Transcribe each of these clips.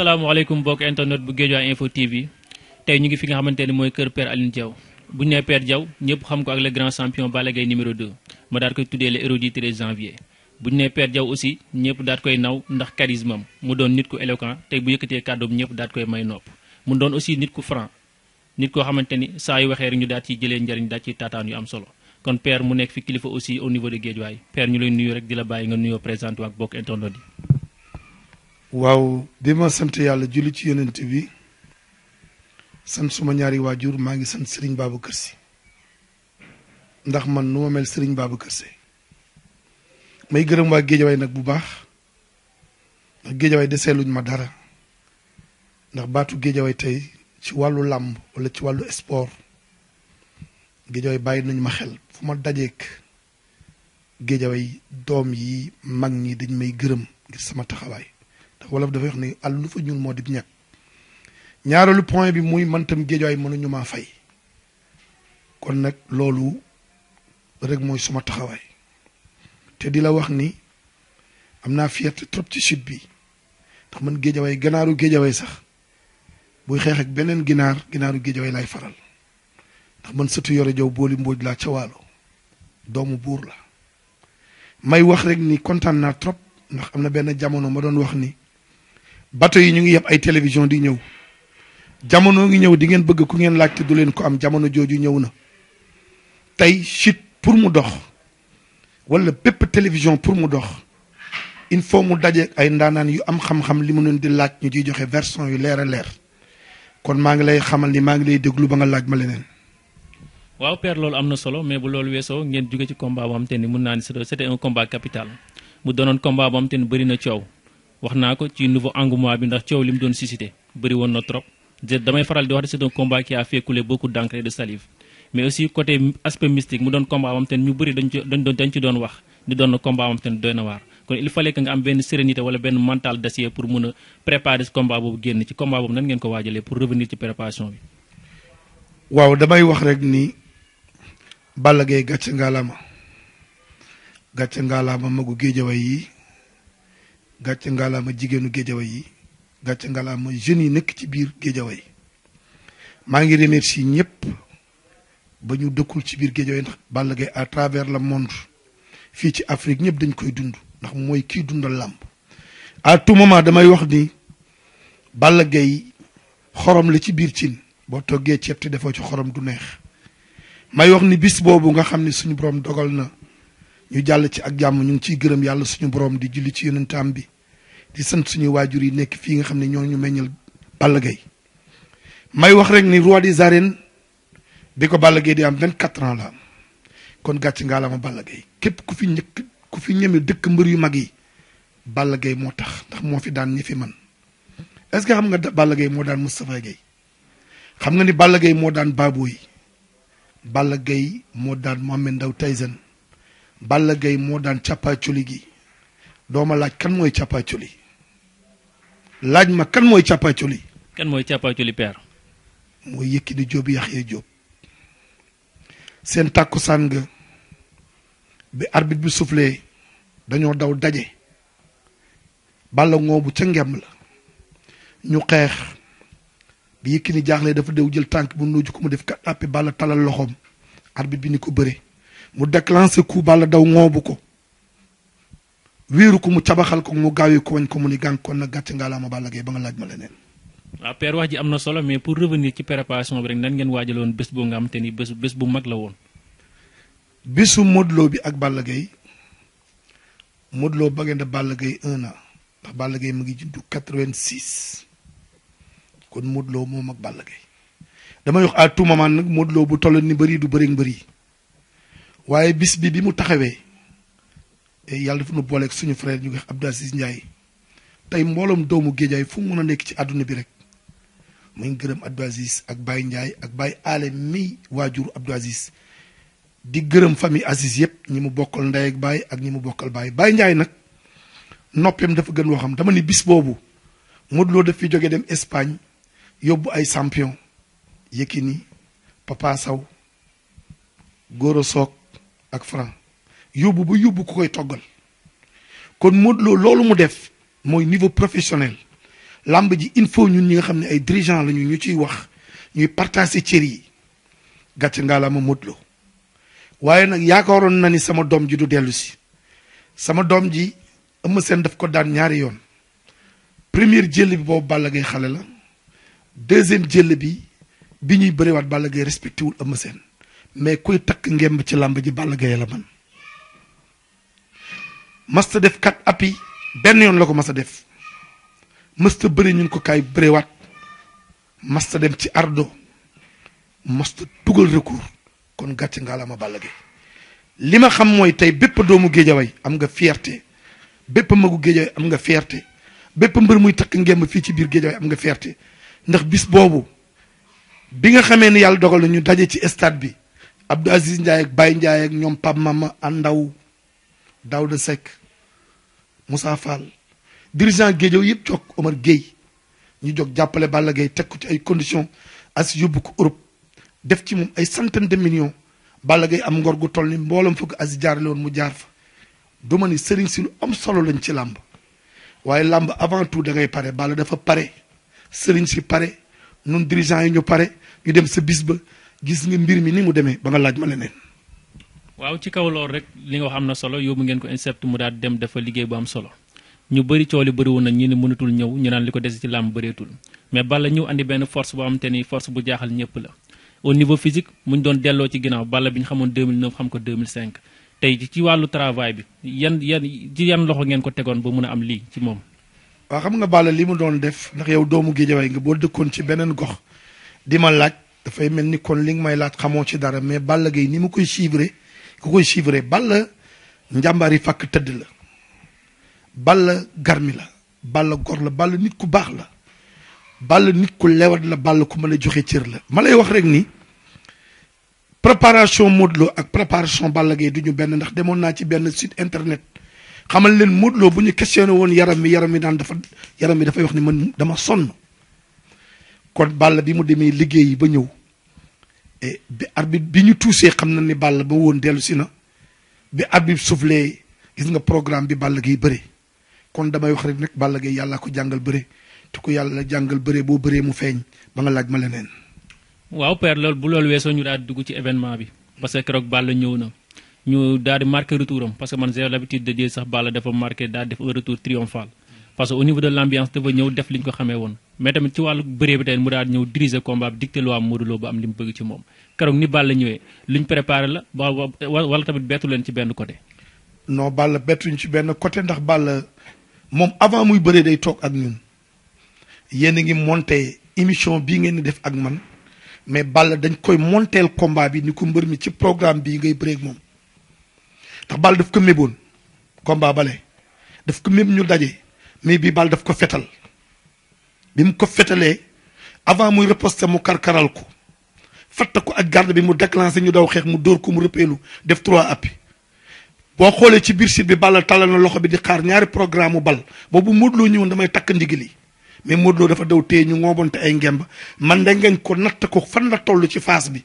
salaamaaleykum bokk internet bu Guédiawaye info TV tey ñu ngi fi nga xamante ne mooy kër Père Alioune jaw bu ñu nee Père Diaw ñëpp xam ko ak le grand champion Balla Gaye numéro ma daal koy tuddee le héros du 13 janvier bu ñu nee Père Diaw aussi ñëpp daal koy naw ndax charisme am mu doon nit ku éloquent tey bu yëkkatee kàddoom ñëpp daal koy may nopp mu doon aussi nit ku franc nit koo xamante ni saa yu waxee rek ñu daal ci jëlee njëriñ daal ciy taataan yu am solo kon Père mu nekk fi kilifa au niveau de Guédiawaye Père ñu lay nuyu di la bàyyi nga nuyoo présenté ak bokk internet yi waaw bi ma sant yàlla julli ci yonent bi sant suma ñaari waajur maa ngi sant Serigne Babacar Sy ndax man nu ma mel sëriñ Babacar Sy may gërëm waa géejawaay nag bu baax ndax géejawaay deseeluñ ma dara ndax baatu géejawaay tey ci wàllu làmb wala ci wàllu sport géejawaay bàyyi nañ ma xel fu ma dajeek géejawaay doom yi mag ñi dañ may gërëm ngir sama taxawaay wolof dafa wax ni àll lu fa ñuul moo di ñàkk ñaareelu point bi muy man tam géejaay mënuñu maa fay kon nag loolu rek mooy suma taxawaay te di wax ni amna naa fierté trop ci sud bi ndax man géejawaay ganaaru géejawaay sax buy xeex ak benen ginaar ginaaru géejawaay laay faral ndax man sëtu yore jaw booli mbooj laa ca waalo doomu buur la may wax rek ni kontaan na trop ndax amna na jamono ma doon wax ni bateau yi ñu ngi yeb ay télévision di ñëw jamono ngi ñëw di ngeen bëgg ku ngeen laajte du leen ko am jamono jooju ñëw na tey site pour mu dox walla bépp télévision pour mu dox il faut mu daje ay ndaanaan yu am xam-xam li mu leen di laaj ñu ciy joxe version yu leer a leer kon maa ngi lay xamal ni maa ngi lay déglu ba nga laaj ma leneen. waaw père loolu am na solo mais bu loolu weesoo ngeen jóge ci combat boo xam te ni mun naa ni c'était un combat capital mu doonoon combat boo ni bëri na coow. wax naa ko ci nouveau engouement bi ndax coow lim doon suscité bëri woon na trop damay faral di wax c'est un combat qui a fait couler beaucoup d'encre et de salive mais aussi côté aspect mystique mu doon combat am ten ñu bëri dañ ci dañ dañ ci doon wax di doon combat am ten doyna na waar kon il fallait que nga am benn sérénité wala benn mental d'acier pour mën a préparer ce combat boobu génn ci combat boobu nan ngeen ko waajalee pour revenir ci préparation bi waaw damay wax rek ni Balla Gaye gàcce ngaalama gàcce magu géejaway yi gàcce ngalaama jigéenu géejawa yi gàcc ngalaama jeunes yi nekk ci biir géejawa maa ngi remercier ñëpp ba ñu dëkkul ci biir géejawa yi ndax Balla Gaye à travers la monde fii ci Afrique ñëpp dañ koy dund ndax mooy kii dundal làmp à tout moment damay wax ni Balla Gaye xorom la ci biir cin boo toggee ceeb te defoo ci xorom du neex may wax ni bis boobu nga xam ne suñu borom dogal na ñu jàll ci ak jàmm ñu ngi ciy gërëm yàlla suñu borom di julli ci yonentam bi di sant suñu waajur yi nekk fii nga xam ne ñoo ñu meññal Balla Gaye may wax rek ni roi de arènes bi ko Balla Gaye di am vingt quatre ans la kon gàcc ngaa la ma Balla Gaye képp ku fi ñëkk ku fi ñeme dëkk mbër yu mag yi Balla Gaye moo tax ndax moo fi daan ñi fi man est-ce que xam nga Balla Gaye moo daan Moustapha Guèye xam nga ni Balla Gaye moo daan Baboy Balla Gaye moo daan Mohamed Ndao Tyson Balla Gaye moo daan càppaaculi gi dooma laaj kan mooy càppaaculi laaj ma kan mooy càppaaculi kan mooy càppaaculi mooy Yékini Jóob Yaxya Jóob seen tàkkusaan nga bi arbitre bi soufflé dañoo daw daje Balla ngoobu ca ngemb la ñu xeex bi Yékini jaaxle dafa dew jël tànk bu nuuju ko mu def kat àppi Balla talal loxoom arbit bi ni ko bëre mu déclenché coup balla daw ŋoobu ko wiiru ko mu cabaxal ko mu gaawi ko wañ ko mu ni gànk kon nag gàcce ngaalaama Balla Gaye ba nga laaj ma leneen waaw père wax ji am na solo mais pour revenir ci préparation bi rek nan ngeen waajaloon bés boo nga am te ni bés bu mag la woon bésu Modou bi ak Balla Gaye Modou ba ngeen da Balla Gaye un an ndax Balla Gaye mu ngi juddu quatre-vingt-six kon Modou Lo moom ak Balla Gaye damay wax à tout moment nag Modou bu toll ni bëri du bëri bëri waaye bis bi bi mu taxawee eh, yàlla dafa nu booleeg suñu frère ñu ngi wax Abdou Aziz Ndiaye tey mbooloom doomu géejaay fu mu mën a nekk ci àdduna bi rek mu gërëm Abdou Aziz ak Baye Ndiaye ak Baye Aale mi waajur Abdou Aziz di gërëm famille Aziz yëpp ñi mu bokkal ndey ak ak ñi mu bokkal Baye Baye Ndiaye nag noppeem dafa gën waxam dama ni bis boobu Modou Lo daf fi jógee dem Espagne yóbbu ay champion Yékini Papa Sow Goro Sock ak franc yóbbu ba yóbbu ku koy toggal kon Modou Lo loolu mu def mooy niveau professionnel làmb ji il faut ñun ñi nga xam ne ay dirigeant lañu ñu ciy wax ñuy partager cër yi gàcce ngaa la ma Modou Lo waaye nag yaakaaroon na ni sama doom ji du dellu si sama doom ji Eumeu Sène daf ko daan ñaari yoon première jël bi boobu Balla Gaye xale la deuxième jël bi bi ñuy bëriwaat Balla Gaye respecté wul Eumeu Sène mais kuy takk ngemb ci làmb ji Balla Gaye la man masta def kat appi benn yoon la ko def masta bëri ñun ko kaay bërewaat masta dem ci ardo masta tugal recours kon gàcce nga la ma Balla Gaye li ma xam mooy tey bépp doomu géejaway am nga fierté bépp magu géejaway am nga fierté bépp mbër muy takk ngemb fii ci biir am nga fierté ndax bis boobu bi nga xamee ni yàlla dogal ñu ci stade bi Abdou Aziz Ndiaye ak Baye Ndiaye ak ñoom Pape Mama Andaw Daouda Seck Moussa Fall dirigeant Géejaw yëpp jog Omar Gueye ñu jog jàppale Balla Gaye teg ko ci ay conditions as yóbbu ko Europe def ci moom ay centaine de millions Balla gay am ngor gu toll ni mbooloom fukk as jaarale woon mu jaar fa du ma ni sëriñ si lu am solo lañ ci làmb waaye làmb avant tout da ngay pare Balla dafa pare sëriñ si pare nun dirigeant yi ñu pare ñu dem sa bis ba gis nga mbir mi ni mu demee ba nga laaj ma leneen. waaw ci kaw loolu rek li nga xam na solo yóbbu ngeen ko INSEP mu daal dem dafa liggéey bu am solo ñu bëri coow li bëriwoon nañ ñu ne mënatul ñëw ñu naan li ko des ci làmb bareetul mais Balla ñu andi benn force boo xam te ni force bu jaaxal ñëpp la. au niveau physique mu ñu doon delloo ci ginnaaw Balla bi ñu xamoon 2009 xam ko 2005 tey ci wàllu travail bi yan yan ci yan loxo ngeen ko tegoon ba mun a am lii ci moom. waa xam nga Balla li mu doon def ndax yow doomu géejawaay nga boo dëkkoon ci beneen gox di ma laaj. dafay mel ni kon li nga may laaj xamoo ci dara mais Balla Gaye ni mu koy suivre ku koy suivre Balla njàmbaar yi fàkk tëdd la Balla garmi la Balla gor la Balla nit ku baax la Balla nit ku lewat la Balla ku mën a joxe cër la ma lay wax rek nii préparation Modou Lo ak préparation Balla Gaye du ñu benn ndax demoon naa ci benn site internet xamal leen Modou bu ñu questionné woon yaram mi yaram mi daan dafa yaram mi dafay wax ni man dama sonn kon bàll bi mu demee liggéeyi ba ñëw e bi arbitre bi ñu tuusee xam na ni bàll ba woon dellu si na bi arbitre soufflé gis nga programme bi bàll gay bëre kon damay wax rek nag bàll gay yàlla ko jàngal bëre te ko yàlla jàngal bëre boo bëree mu feeñ ba nga laaj ma leneen. waaw père loolu bu loolu weesoo ñu daal dugg ci événement bi parce que keroog Balla ñëw na ñu daal di marqué retour am parce man j'ai l'habitude de sax Balla dafa marqué daal def retour triomphal parce que au niveau de l'ambiance dafa ñëw def li ko xamee woon mais tamit ci wàllu bëree bi tamit mu daal ñëw diriger combat bi dicté loi Modou Lo ba am li mu bëgg ci moom keroog ni Balla ñëwee luñ préparé la ba tamit bettu leen ci benn côté. non Balla bettuñ ci benn côté ndax Balla moom avant muy bëree day toog ak ñun yéen a ngi monté émission bii ngeen di def ak man mais Balla dañ koy monteel combat bi ni ko mbër mi ci programme bii ngay bëree ak moom ndax Balla daf ko méboon bale mais bi bal daf ko fetal bi mu ko fetalee avant muy riposte mu karkaral ko fatta ko ak garde bi mu déclenché ñu daw xeex mu dóor ko mu rëppeelu def trois appuis boo xoolee ci biir sit bi balla talal na loxo bi di xaar ñaari programme mu bal boobu Modou Lo ñëwoon damay takk ndigili mais Modou dafa daw téye ñu ngoobante ay ngemb man de ngeen ko natt ko fan la toll ci phase bi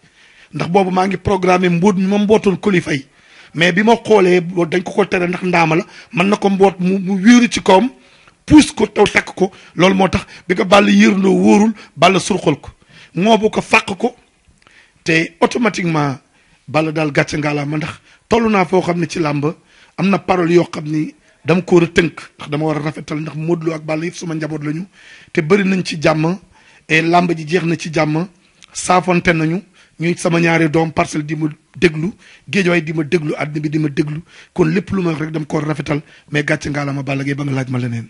ndax boobu maa ngi programme mbóot mi ma mbootoon kolifay mais bi ma xoolee dañ ko ko tere ndax ndaama la mën na ko mboot mu mu wiiru ci kawam puus ko taw takk ko loolu moo tax bi ko bàll yërndoo wóorul bàll surxal ko ŋoobu ko fàq ko te automatiquement bàll daal gàcce ngaalaa ma ndax toll naa foo xam ne ci làmb am na parole yoo xam ni dam ko war a tënk ndax dama war rafetal ndax Modou Lo ak Balla yëpp suma njaboot lañu te bëri nañ ci jàmm et làmb ji jeex na ci jàmm saafonte nañu ñuy sama ñaari doom parcelle di ma déglu géejawaay di ma déglu àddina bi di ma déglu kon lépp lu ma wax rek dama ko rafetal mais gàcce ngaalaa ma Balla Gaye ba nga laaj ma leneen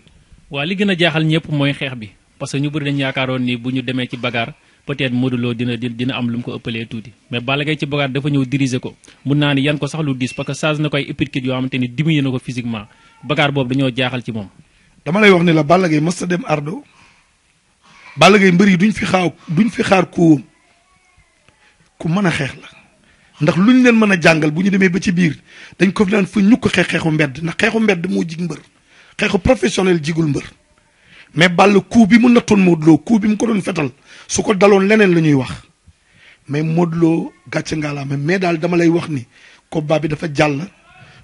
waa li gën a jaaxal ñëpp mooy xeex bi parce que ñu bëri dañu yaakaaroon ni bu ñu demee ci bagaar peut-être Modou Lo dina dina am lu mu ko ëppalee tuuti mais Balla Gaye ci bagaar dafa ñëw diriger ko mun naa ni yan ko sax lu diis parce que change na ko ay uppercut yoo xamante ni diminué na ko physiquement bagaar boobu dañoo jaaxal ci moom. dama lay wax ne la Balla Gaye mës a dem ardo Balla gay mbër yi duñ fi xaaw duñ fi xaar ku ku mën a xeex la ndax lu ñu leen mën a jàngal bu ñu demee ba ci biir dañ ko fi daan ñukk xeex mbedd ndax xeexu mbedd moo jig mbër xeexu professionnel jigul mbeur mais Balla coup bi mu nattoon Modou Lo bi mu ko doon fetal suko dalon lenen lañuy wax mais modlo gatcha ngala mais dal dama lay wax ni ko babbi dafa jall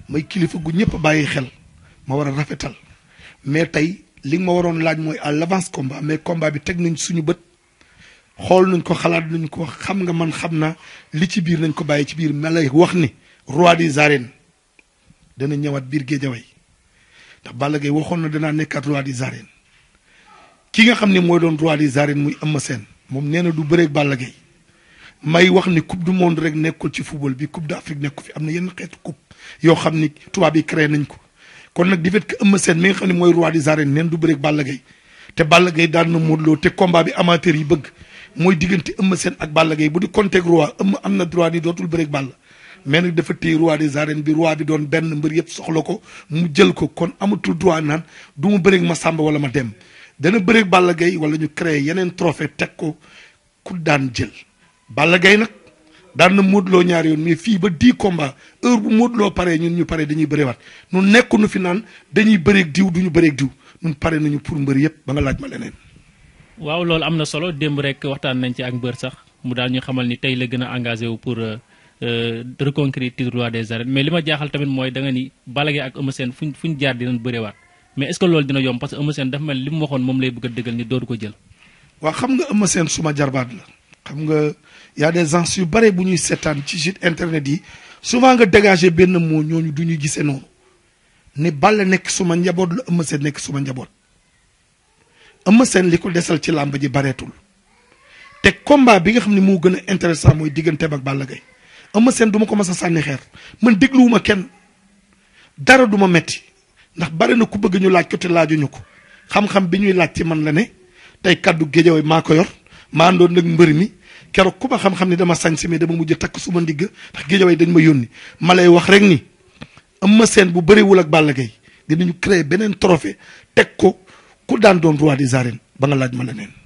may kilifa gu ñepp baye xel ma wara rafetal mais tay li ma waron laaj moy à l'avance combat mais combat bi tek nañ suñu bët xol nañ ko xalaat nañ ko xam nga man xamna li ci bir nañ ko baye ci bir malay wax ni roi des arènes dana ñëwaat bir ndax Balla Gaye waxoon na danaa nekkaat roi di arènes ki nga xam ne mooy doon roi des arènes muy Eumeu Sène moom nee na du bëreeg Balla Gaye may wax ni coupe du monde rek nekkul ci football bi coupe d'Afrique nekku fi am na yenn xeetu coupe yoo xam ni tubaab yi créé nañ ko kon nag di fait que Eumeu Sène mi nga xam ne mooy roi neen du bëreeg Balla Gaye te Balla Gaye daan na Modou te combat bi amateur yi bëgg mooy diggante Eumeu seen ak Balla Gaye bu di contact am na droit ni dootul bëreeg Balla mais nag dafa téye roi des arènes bi roi bi doon benn mbër yëpp soxla ko mu jël ko kon amatul droit naan du mu bëreeg ma sàmba wala ma dem dana bëreeg Balla Gaye wala ñu créé yeneen trophée teg ko ku daan jël. Balla gay nag daan na moot loo ñaari yoon mais fii ba di combat heure bu móodloo paree ñun ñu pare dañuy bëriwaat nu nekk nu fi naan dañuy bëreeg diw du ñu bëreeg diw ñun pare nañu pour mbër yëpp ba nga laaj ma leneen. waaw loolu am na solo démb rekk waxtaan nañ ci ak mbër sax mu daal ñu xamal ni tey la gën a engagé wu pour. Euh, Euh, reconquérir titre roi de arènes mais li ma jaaxal tamit mooy da nga ni Balla Gaye ak Eumeu Sène fuñ fuñ jaar dinañ bërewaat mais est-ce que loolu dina yomb parce que Eumeu Sène dafa mel li mu waxoon moom lay bëgg a dëggal ni dootu ko jël. waaw xam nga Eumeu Sène suma jarbaat la. xam nga y a des gens yu bare bu ñuy seetaan ci site internet yi souvent nga dégager benn moo ñooñu du ñuy gisee noonu ne Balla nekk suma njaboot la Eumeu seen nekk suma njaboot Eumeu Sène li ko desal ci làmb ji bareetul te combat bi nga xam ne moo gën a intéressant mooy digganteem ak Balla Eumeu Sène du ma ko mas a sànni xeer man dégluwuma kenn dara duma ma metti ndax bari na ku bëgg ñu laaj ko te laajuñu ko xam-xam bi ñuy laaj ci mën la ne tey kaddu géejawaay maa ko yor maa àndoon nag mbër mi keroog ku ma xam-xam ni dama sañ si mais dama mujj takk suma ndigg ndax géejawaay dañ ma yónni ma lay wax rek ni Eumeu seen bu bëriwul ak Balla Gaye dinañu créer beneen trophée teg ko ku daan doon roi des arènes ba nga laaj ma leneen